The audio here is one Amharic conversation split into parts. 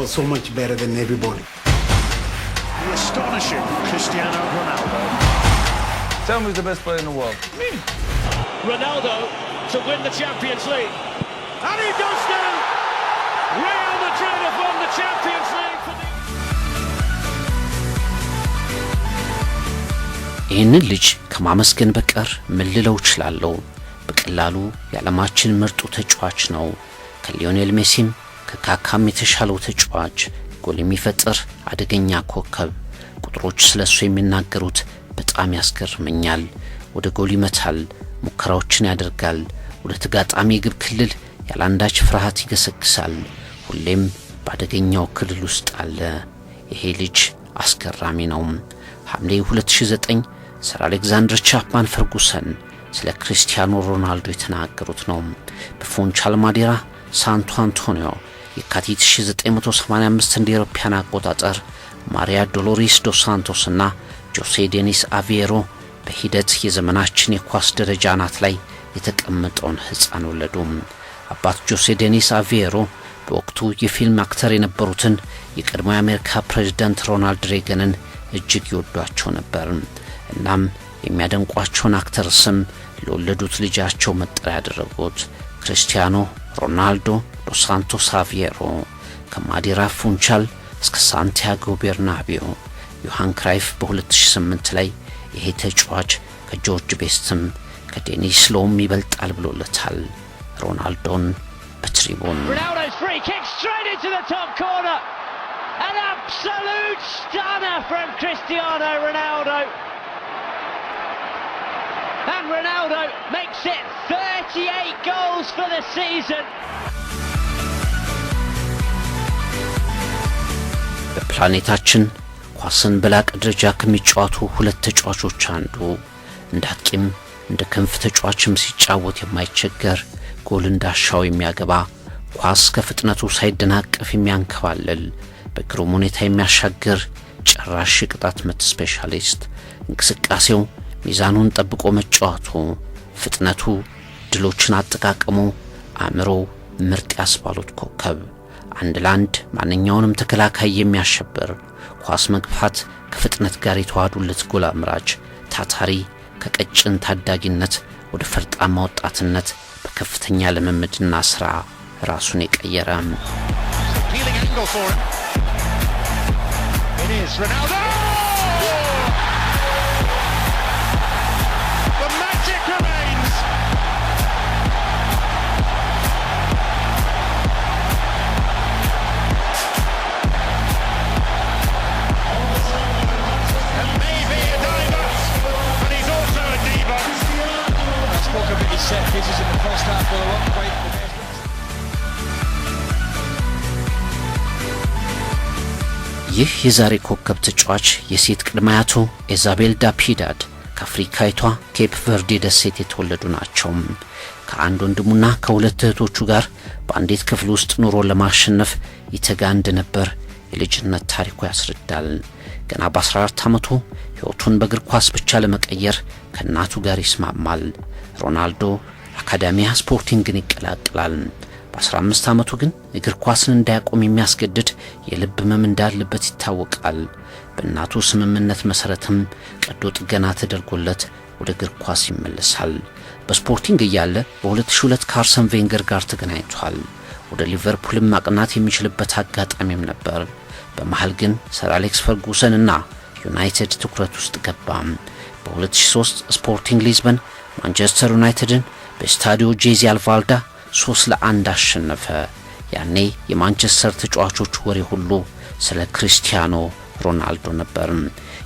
was so much better than everybody. The astonishing Cristiano Ronaldo. Tell me who's the best player in the world. Me. Ronaldo to win the Champions League. And he does now! Real Madrid have won the Champions League for ይህንን ልጅ ከማመስገን በቀር ምን ልለው እችላለሁ? በቀላሉ የዓለማችን ምርጡ ተጫዋች ነው። ከሊዮኔል ሜሲም ከካካም የተሻለው ተጫዋች፣ ጎል የሚፈጥር አደገኛ ኮከብ። ቁጥሮች ስለሱ የሚናገሩት በጣም ያስገርመኛል። ወደ ጎል ይመታል፣ ሙከራዎችን ያደርጋል፣ ወደ ተጋጣሚ የግብ ክልል ያለአንዳች ፍርሃት ይገሰግሳል። ሁሌም በአደገኛው ክልል ውስጥ አለ። ይሄ ልጅ አስገራሚ ነው። ሐምሌ 2009 ሰር አሌክዛንደር ቻፕማን ፈርጉሰን ስለ ክርስቲያኖ ሮናልዶ የተናገሩት ነው። በፎንቻል ማዴራ ሳንቶ አንቶኒዮ የካቲት 1985 እንደ አውሮፓውያን አቆጣጠር ማሪያ ዶሎሪስ ዶስ ሳንቶስ እና ጆሴ ዴኒስ አቪየሮ በሂደት የዘመናችን የኳስ ደረጃ አናት ላይ የተቀመጠውን ሕፃን ወለዱ። አባት ጆሴ ዴኒስ አቪየሮ በወቅቱ የፊልም አክተር የነበሩትን የቀድሞ የአሜሪካ ፕሬዝዳንት ሮናልድ ሬገንን እጅግ ይወዷቸው ነበር። እናም የሚያደንቋቸውን አክተር ስም ለወለዱት ልጃቸው መጠሪያ ያደረጉት ክርስቲያኖ ሮናልዶ ዶስ ሳንቶስ ሃቪየሮ ከማዲራ ፉንቻል እስከ ሳንቲያጎ ቤርናቢዮ ዮሐን ክራይፍ በ2008 ላይ ይሄ ተጫዋች ከጆርጅ ቤስትም ከዴኒስ ሎም ይበልጣል ብሎለታል። ሮናልዶን በትሪቡን And Ronaldo makes it 38 goals for the season. ፕላኔታችን ኳስን በላቀ ደረጃ ከሚጫወቱ ሁለት ተጫዋቾች አንዱ እንደ አጥቂም እንደ ክንፍ ተጫዋችም ሲጫወት የማይቸገር ጎል እንዳሻው የሚያገባ ኳስ ከፍጥነቱ ሳይደናቀፍ የሚያንከባልል በግሩም ሁኔታ የሚያሻግር ጨራሽ ቅጣት ምት ስፔሻሊስት እንቅስቃሴው ሚዛኑን ጠብቆ መጫወቱ፣ ፍጥነቱ፣ ድሎችን አጠቃቀሙ፣ አእምሮ ምርጥ ያስባሉት ኮከብ አንድ ለአንድ ማንኛውንም ተከላካይ የሚያሸብር ኳስ መግፋት ከፍጥነት ጋር የተዋሃዱለት ጎል አምራች ታታሪ ከቀጭን ታዳጊነት ወደ ፈርጣማ ወጣትነት በከፍተኛ ልምምድና ስራ ራሱን የቀየረም set pieces in the first half were a lot quite the best. ይህ የዛሬ ኮከብ ተጫዋች የሴት ቅድመ አያቱ ኢዛቤል ዳፒዳድ ከአፍሪካዊቷ ኬፕ ቨርዴ ደሴት የተወለዱ ናቸው። ከአንድ ወንድሙና ከሁለት እህቶቹ ጋር በአንዲት ክፍል ውስጥ ኑሮ ለማሸነፍ ይተጋ እንደነበር የልጅነት ታሪኩ ያስረዳል። ገና በ14 ዓመቱ ሕይወቱን በእግር ኳስ ብቻ ለመቀየር ከእናቱ ጋር ይስማማል። ሮናልዶ አካዳሚያ ስፖርቲንግን ይቀላቅላል። በ15 ዓመቱ ግን እግር ኳስን እንዳያቆም የሚያስገድድ የልብ ህመም እንዳለበት ይታወቃል። በእናቱ ስምምነት መሰረትም ቀዶ ጥገና ተደርጎለት ወደ እግር ኳስ ይመለሳል። በስፖርቲንግ እያለ በ2002 ካርሰን ቬንገር ጋር ተገናኝቷል። ወደ ሊቨርፑልም ማቅናት የሚችልበት አጋጣሚም ነበር። በመሃል ግን ሰር አሌክስ ፈርጉሰን እና ዩናይትድ ትኩረት ውስጥ ገባም። በ2003 ስፖርቲንግ ሊዝበን ማንቸስተር ዩናይትድን በስታዲዮ ጄዚ አልቫልዳ ሶስት ለአንድ አሸነፈ። ያኔ የማንቸስተር ተጫዋቾች ወሬ ሁሉ ስለ ክሪስቲያኖ ሮናልዶ ነበር።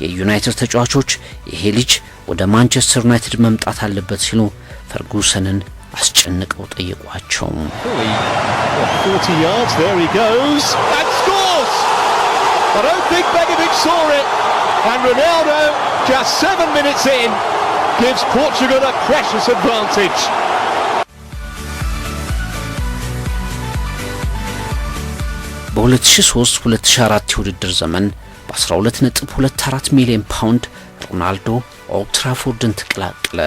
የዩናይትድ ተጫዋቾች ይሄ ልጅ ወደ ማንቸስተር ዩናይትድ መምጣት አለበት ሲሉ ፈርጉሰንን አስጨንቀው ጠየቋቸው። I don't think Begovic saw it, and Ronaldo just seven minutes in gives Portugal a precious advantage. በ2003-2004 የውድድር ዘመን በ12.24 ሚሊዮን ፓውንድ ሮናልዶ ኦልትራፎርድን ተቀላቀለ።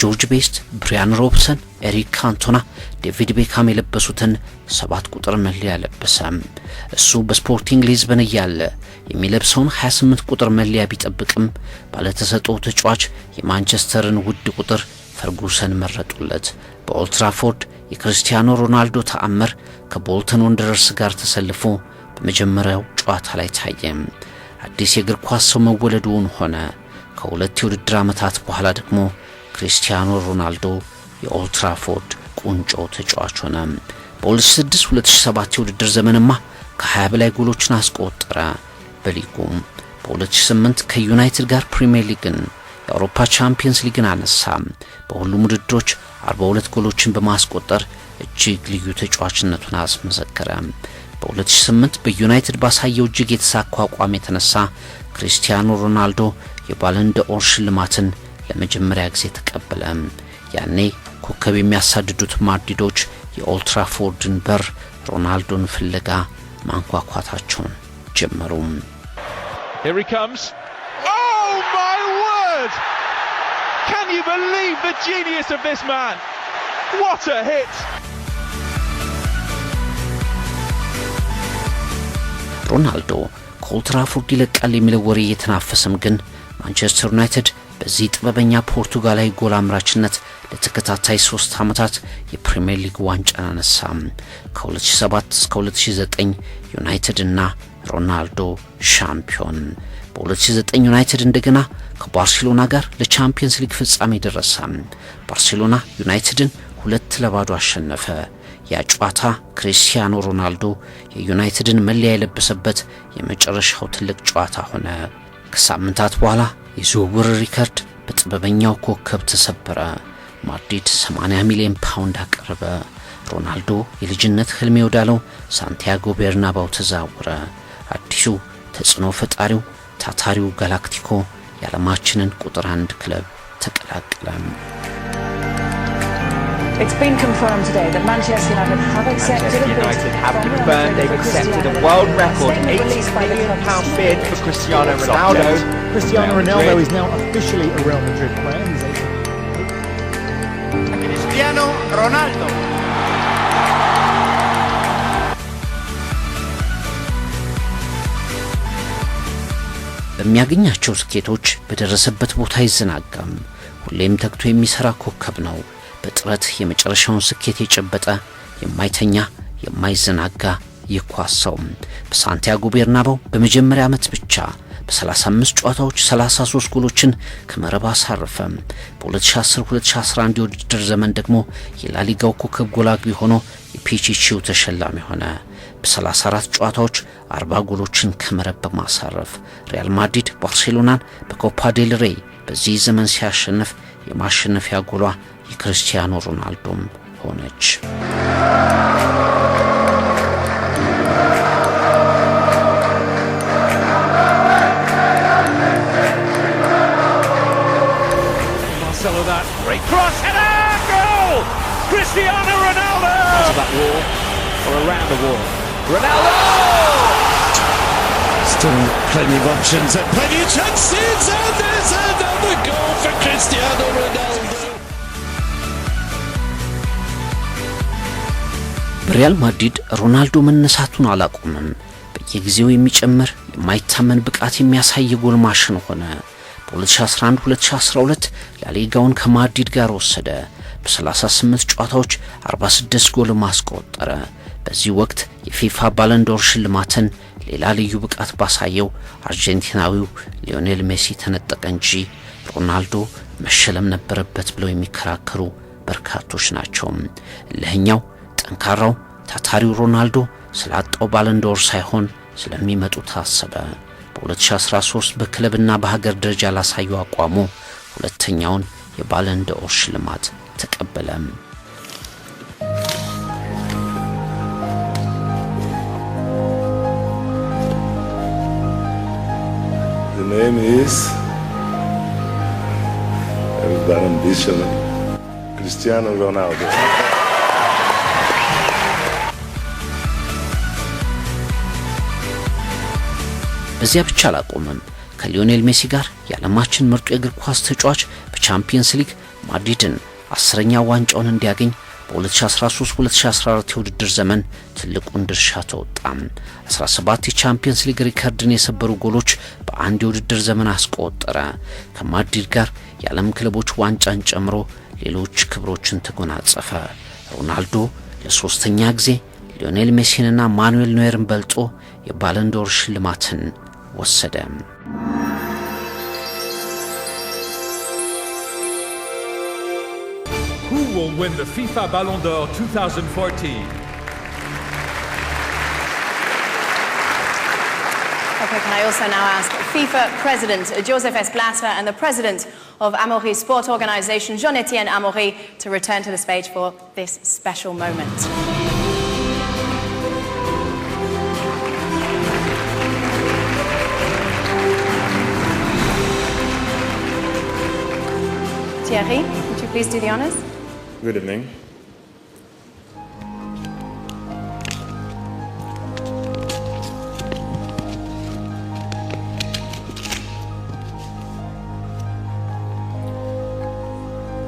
ጆርጅ ቤስት፣ ብሪያን ሮብሰን፣ ኤሪክ ካንቶና፣ ዴቪድ ቤካም የለበሱትን ሰባት ቁጥር መለያ ለበሰ። እሱ በስፖርቲንግ ሊዝበን እያለ የሚለብሰውን 28 ቁጥር መለያ ቢጠብቅም ባለተሰጠው ተጫዋች የማንቸስተርን ውድ ቁጥር ፈርጉሰን መረጡለት። በኦልትራፎርድ የክርስቲያኖ ሮናልዶ ተአምር ከቦልተን ወንደረርስ ጋር ተሰልፎ በመጀመሪያው ጨዋታ ላይ ታየም። አዲስ የእግር ኳስ ሰው መወለዱን ሆነ ከሁለት የውድድር ዓመታት በኋላ ደግሞ ክሪስቲያኖ ሮናልዶ የኦልትራፎርድ ቁንጮ ተጫዋች ሆነ። በ2006 2007 የውድድር ዘመንማ ከ20 በላይ ጎሎችን አስቆጠረ። በሊጉም በ2008 ከዩናይትድ ጋር ፕሪምየር ሊግን የአውሮፓ ቻምፒየንስ ሊግን አነሳ። በሁሉም ውድድሮች 42 ጎሎችን በማስቆጠር እጅግ ልዩ ተጫዋችነቱን አስመሰከረ። በ2008 በዩናይትድ ባሳየው እጅግ የተሳካ አቋም የተነሳ ክሪስቲያኖ ሮናልዶ የባለንደኦር ሽልማትን ለመጀመሪያ ጊዜ ተቀበለም። ያኔ ኮከብ የሚያሳድዱት ማድሪዶች የኦልትራፎርድን በር ሮናልዶን ፍለጋ ማንኳኳታቸውን ጀመሩ። oh, ሮናልዶ ከኦልትራፎርድ ይለቃል የሚለው ወሬ እየተናፈሰም ግን ማንቸስተር ዩናይትድ በዚህ ጥበበኛ ፖርቱጋላዊ ጎል አምራችነት ለተከታታይ ሶስት ዓመታት የፕሪምየር ሊግ ዋንጫን አነሳም። ከ2007 እስከ 2009 ዩናይትድ እና ሮናልዶ ሻምፒዮን። በ2009 ዩናይትድ እንደገና ከባርሴሎና ጋር ለቻምፒየንስ ሊግ ፍጻሜ ደረሰ። ባርሴሎና ዩናይትድን ሁለት ለባዶ አሸነፈ። ያ ጨዋታ ክሪስቲያኖ ሮናልዶ የዩናይትድን መለያ የለበሰበት የመጨረሻው ትልቅ ጨዋታ ሆነ። ከሳምንታት በኋላ የዝውውር ሪከርድ በጥበበኛው ኮከብ ተሰበረ። ማድሪድ 80 ሚሊዮን ፓውንድ አቀረበ። ሮናልዶ የልጅነት ህልሜ ወዳለው ሳንቲያጎ ቤርናባው ተዛወረ። አዲሱ ተጽዕኖ ፈጣሪው ታታሪው ጋላክቲኮ የዓለማችንን ቁጥር አንድ ክለብ ተቀላቀለም። It's been confirmed today that Manchester United have accepted Manchester United have confirmed they've accepted a world record £80 million pound bid for Cristiano Ronaldo. Cristiano Ronaldo is now officially a Real Madrid player. Cristiano Ronaldo. በሚያገኛቸው ስኬቶች በደረሰበት ቦታ አይዘናጋም። ሁሌም ተግቶ የሚሰራ ኮከብ ነው። በጥረት የመጨረሻውን ስኬት የጨበጠ የማይተኛ የማይዘናጋ ይኳስ ሰው በሳንቲያጎ ቤርናባው በመጀመሪያ ዓመት ብቻ በ35 ጨዋታዎች 33 ጎሎችን ከመረብ አሳረፈ። በ2010-2011 የውድድር ዘመን ደግሞ የላሊጋው ኮከብ ጎል አግቢ ሆኖ የፒቺቺው ተሸላሚ ሆነ። በ34 ጨዋታዎች 40 ጎሎችን ከመረብ በማሳረፍ ሪያል ማድሪድ ባርሴሎናን በኮፓ ዴል ሬይ በዚህ ዘመን ሲያሸንፍ የማሸነፊያ ጎሏ የክርስቲያኖ on ሆነች። Cristiano Ronaldo! Out of that wall, or around the wall. Ronaldo! Still plenty of options and plenty of chances, and there's another goal for Cristiano Ronaldo. በሪያል ማድሪድ ሮናልዶ መነሳቱን አላቆምም። በየጊዜው የሚጨምር የማይታመን ብቃት የሚያሳይ ጎል ማሽን ሆነ። በ2011-2012 ላሊጋውን ከማድሪድ ጋር ወሰደ። በ38 ጨዋታዎች 46 ጎል ማስቆጠረ። በዚህ ወቅት የፊፋ ባለንዶር ሽልማትን ሌላ ልዩ ብቃት ባሳየው አርጀንቲናዊው ሊዮኔል ሜሲ ተነጠቀ እንጂ ሮናልዶ መሸለም ነበረበት ብለው የሚከራከሩ በርካቶች ናቸው። እልህኛው ጠንካራው ታታሪው ሮናልዶ ስላጣው ባለንዶር ሳይሆን ስለሚመጡ ታሰበ። በ2013 በክለብና በሀገር ደረጃ ላሳዩ አቋሙ ሁለተኛውን የባለንዶር ሽልማት ተቀበለም። ክርስቲያኖ ሮናልዶ በዚያ ብቻ አላቆመም። ከሊዮኔል ሜሲ ጋር የዓለማችን ምርጡ የእግር ኳስ ተጫዋች በቻምፒየንስ ሊግ ማድሪድን አስረኛ ዋንጫውን እንዲያገኝ በ2013-2014 የውድድር ዘመን ትልቁን ድርሻ ተወጣም። 17 የቻምፒየንስ ሊግ ሪከርድን የሰበሩ ጎሎች በአንድ የውድድር ዘመን አስቆጠረ። ከማድሪድ ጋር የዓለም ክለቦች ዋንጫን ጨምሮ ሌሎች ክብሮችን ተጎናጸፈ። ሮናልዶ ለሶስተኛ ጊዜ ሊዮኔል ሜሲንና ማኑኤል ኖየርን በልጦ የባለንዶር ሽልማትን والسلام Who will win the FIFA Ballon d'Or 2014? Okay, can I also now ask FIFA President Joseph S. Blatter and the President of Amaury Sport Organization, Jean-Etienne Amaury, to return to the stage for this special moment. Thierry, would you please do the honors? Good evening.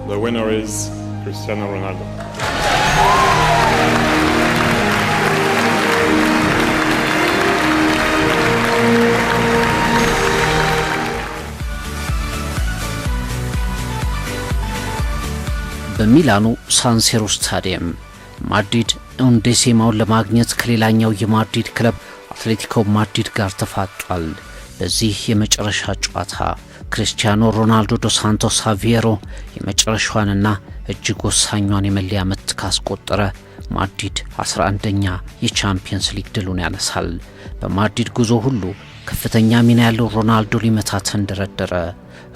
The winner is Cristiano Ronaldo. በሚላኑ ሳንሴሮ ስታዲየም ማድሪድ ኡንዴሴማውን ለማግኘት ከሌላኛው የማድሪድ ክለብ አትሌቲኮ ማድሪድ ጋር ተፋጧል። በዚህ የመጨረሻ ጨዋታ ክርስቲያኖ ሮናልዶ ዶ ሳንቶስ አቪየሮ የመጨረሻዋንና እጅግ ወሳኟን የመለያ ምት ካስቆጠረ ማድሪድ 11ኛ የቻምፒየንስ ሊግ ድሉን ያነሳል። በማድሪድ ጉዞ ሁሉ ከፍተኛ ሚና ያለው ሮናልዶ ሊመታ ተንደረደረ።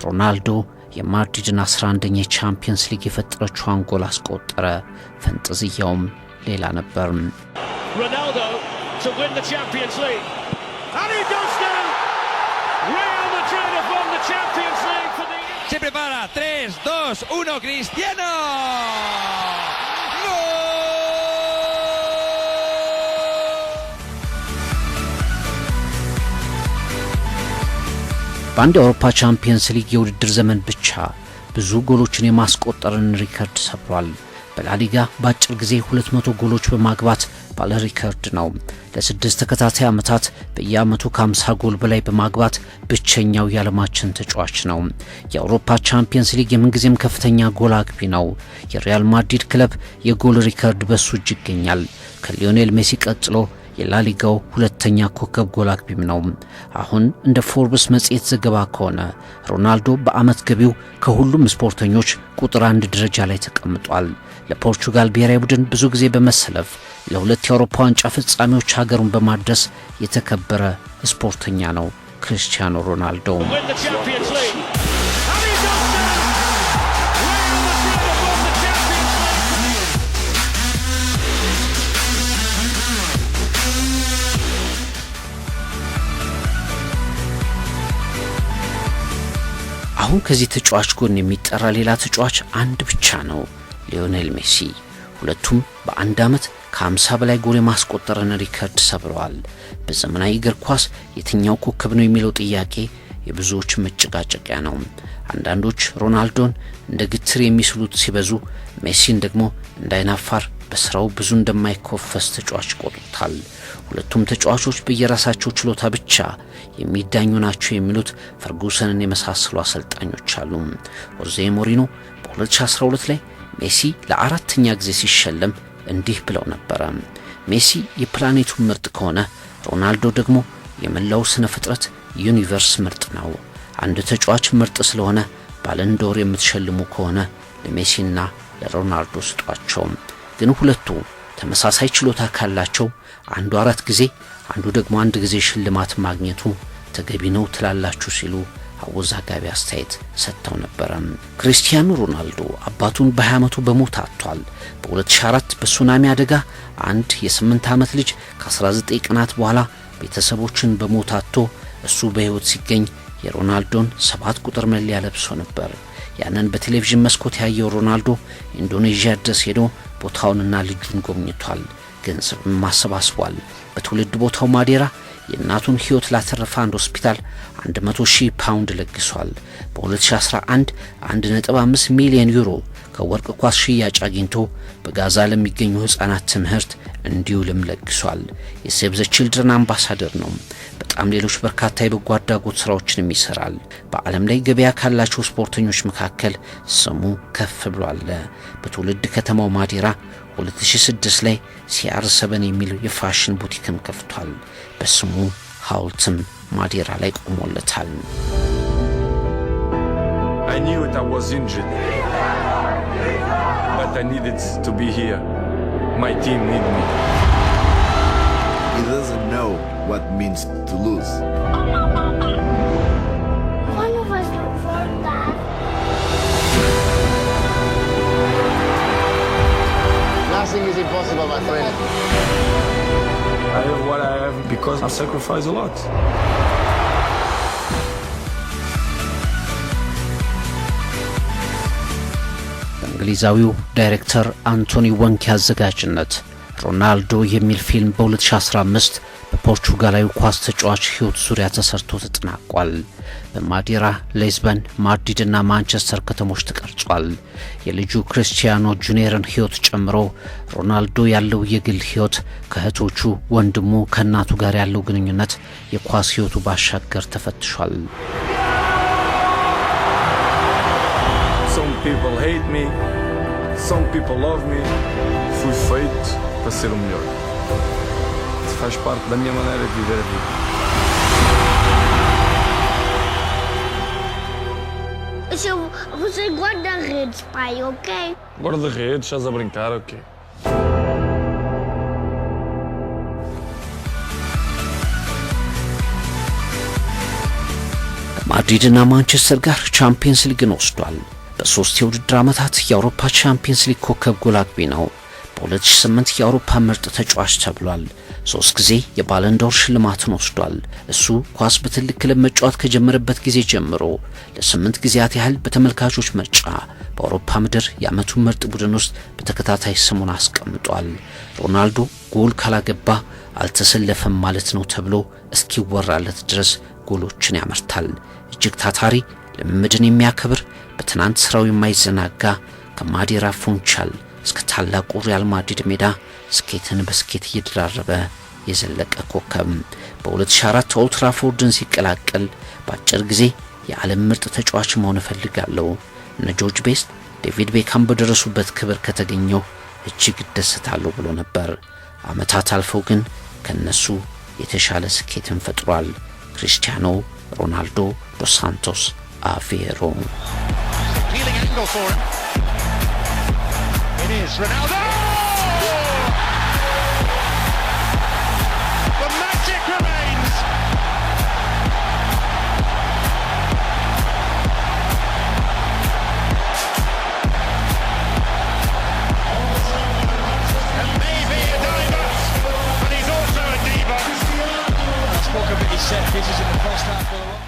ሮናልዶ የማድሪድን 11ኛ የቻምፒየንስ ሊግ የፈጠረችው ጎል አስቆጠረ። ፈንጥዝያውም ሌላ ነበር። በአንድ የአውሮፓ ቻምፒየንስ ሊግ የውድድር ዘመን ብቻ ብዙ ጎሎችን የማስቆጠርን ሪከርድ ሰብሯል። በላሊጋ በአጭር ጊዜ 200 ጎሎች በማግባት ባለ ሪከርድ ነው። ለስድስት ተከታታይ ዓመታት በየዓመቱ ከ50 ጎል በላይ በማግባት ብቸኛው የዓለማችን ተጫዋች ነው። የአውሮፓ ቻምፒየንስ ሊግ የምንጊዜም ከፍተኛ ጎል አግቢ ነው። የሪያል ማድሪድ ክለብ የጎል ሪከርድ በሱ እጅ ይገኛል። ከሊዮኔል ሜሲ ቀጥሎ የላሊጋው ሁለተኛ ኮከብ ጎል አግቢም ነው። አሁን እንደ ፎርብስ መጽሔት ዘገባ ከሆነ ሮናልዶ በዓመት ገቢው ከሁሉም ስፖርተኞች ቁጥር አንድ ደረጃ ላይ ተቀምጧል። ለፖርቹጋል ብሔራዊ ቡድን ብዙ ጊዜ በመሰለፍ ለሁለት የአውሮፓ ዋንጫ ፍጻሜዎች ሀገሩን በማድረስ የተከበረ ስፖርተኛ ነው ክርስቲያኖ ሮናልዶ። አሁን ከዚህ ተጫዋች ጎን የሚጠራ ሌላ ተጫዋች አንድ ብቻ ነው፣ ሊዮኔል ሜሲ። ሁለቱም በአንድ ዓመት ከ50 በላይ ጎል የማስቆጠርን ሪከርድ ሰብረዋል። በዘመናዊ እግር ኳስ የትኛው ኮከብ ነው የሚለው ጥያቄ የብዙዎች መጨቃጨቂያ ነው። አንዳንዶች ሮናልዶን እንደ ግትር የሚስሉት ሲበዙ፣ ሜሲን ደግሞ እንዳይናፋር በስራው ብዙ እንደማይኮፈስ ተጫዋች ቆጥሮታል። ሁለቱም ተጫዋቾች በየራሳቸው ችሎታ ብቻ የሚዳኙ ናቸው የሚሉት ፈርጉሰንን የመሳሰሉ አሰልጣኞች አሉ። ሆዜ ሞሪኖ በ2012 ላይ ሜሲ ለአራተኛ ጊዜ ሲሸለም እንዲህ ብለው ነበረ። ሜሲ የፕላኔቱ ምርጥ ከሆነ ሮናልዶ ደግሞ የመላው ስነ ፍጥረት ዩኒቨርስ ምርጥ ነው። አንድ ተጫዋች ምርጥ ስለሆነ ባለንዶር የምትሸልሙ ከሆነ ለሜሲና ለሮናልዶ ስጧቸው። ግን ሁለቱ ተመሳሳይ ችሎታ ካላቸው አንዱ አራት ጊዜ አንዱ ደግሞ አንድ ጊዜ ሽልማት ማግኘቱ ተገቢ ነው ትላላችሁ ሲሉ አወዛጋቢ አስተያየት ሰጥተው ነበረም። ክርስቲያኑ ሮናልዶ አባቱን በ20 ዓመቱ በሞት አጥቷል። በ2004 በሱናሚ አደጋ አንድ የ8 ዓመት ልጅ ከ19 ቀናት በኋላ ቤተሰቦችን በሞት አጥቶ እሱ በሕይወት ሲገኝ የሮናልዶን ሰባት ቁጥር መለያ ለብሶ ነበር። ያንን በቴሌቪዥን መስኮት ያየው ሮናልዶ ኢንዶኔዥያ ድረስ ሄዶ ቦታውንና ልጁን ጎብኝቷል፣ ገንዘብም ማሰባስቧል። በትውልድ ቦታው ማዴራ የእናቱን ሕይወት ላተረፈ አንድ ሆስፒታል 100 ሺህ ፓውንድ ለግሷል። በ2011 1.5 ሚሊዮን ዩሮ ከወርቅ ኳስ ሽያጭ አግኝቶ በጋዛ ለሚገኙ ሕፃናት ትምህርት እንዲውልም ለግሷል። የሴቭ ዘ ቺልድረን አምባሳደር ነው። በጣም ሌሎች በርካታ የበጎ አድራጎት ስራዎችንም ይሰራል። በዓለም ላይ ገበያ ካላቸው ስፖርተኞች መካከል ስሙ ከፍ ብሏል። በትውልድ ከተማው ማዴራ 2006 ላይ ሲአር ሰበን የሚል የፋሽን ቡቲክም ከፍቷል። በስሙ ሐውልትም ማዴራ ላይ ቆሞለታል። I knew it, I was injured. I needed to be here. My team need me. He doesn't know what means to lose. Nothing is impossible, my friend. I have what I have because I sacrificed a lot. በእንግሊዛዊው ዳይሬክተር አንቶኒ ወንኪ አዘጋጅነት ሮናልዶ የሚል ፊልም በ2015 በፖርቹጋላዊ ኳስ ተጫዋች ሕይወት ዙሪያ ተሰርቶ ተጠናቋል። በማዲራ፣ ሌዝበን፣ እና ማንቸስተር ከተሞች ተቀርጿል። የልጁ ክርስቲያኖ ጁኒየርን ሕይወት ጨምሮ ሮናልዶ ያለው የግል ሕይወት ከእህቶቹ፣ ወንድሙ፣ ከእናቱ ጋር ያለው ግንኙነት የኳስ ሕይወቱ ባሻገር ተፈትሿል። people hate me, some people love me. Fui feito para ser o melhor. Isso faz parte da minha maneira de viver a vida. Eu sou, guarda-redes, pai, ok? Guarda-redes? Estás a brincar, ok? ማድሪድና ማንቸስተር ጋር ቻምፒየንስ ሊግን ወስዷል። በሶስት የውድድር ዓመታት የአውሮፓ ቻምፒየንስ ሊግ ኮከብ ጎል አግቢ ነው። በ2008 የአውሮፓ ምርጥ ተጫዋች ተብሏል። ሶስት ጊዜ የባለንዶር ሽልማትን ወስዷል። እሱ ኳስ በትልቅ ክለብ መጫወት ከጀመረበት ጊዜ ጀምሮ ለስምንት ጊዜያት ያህል በተመልካቾች ምርጫ በአውሮፓ ምድር የዓመቱ ምርጥ ቡድን ውስጥ በተከታታይ ስሙን አስቀምጧል። ሮናልዶ ጎል ካላገባ አልተሰለፈም ማለት ነው ተብሎ እስኪወራለት ድረስ ጎሎችን ያመርታል። እጅግ ታታሪ፣ ልምምድን የሚያከብር በትናንት ስራው የማይዘናጋ ከማዴራ ፉንቻል እስከ ታላቁ ሪያል ማድሪድ ሜዳ ስኬትን በስኬት እየደራረበ የዘለቀ ኮከብ በ2004 ኦልትራፎርድን ሲቀላቀል በአጭር ጊዜ የዓለም ምርጥ ተጫዋች መሆን እፈልጋለሁ፣ እነ ጆርጅ ቤስት፣ ዴቪድ ቤካም በደረሱበት ክብር ከተገኘው እጅግ እደሰታለሁ ብሎ ነበር። ዓመታት አልፈው ግን ከነሱ የተሻለ ስኬትን ፈጥሯል። ክሪስቲያኖ ሮናልዶ ዶስ ሳንቶስ አቬሮ go for it. It is Ronaldo! The magic remains. And maybe a diver, but he's also a diva. That's Walker, but he's set. This in the first half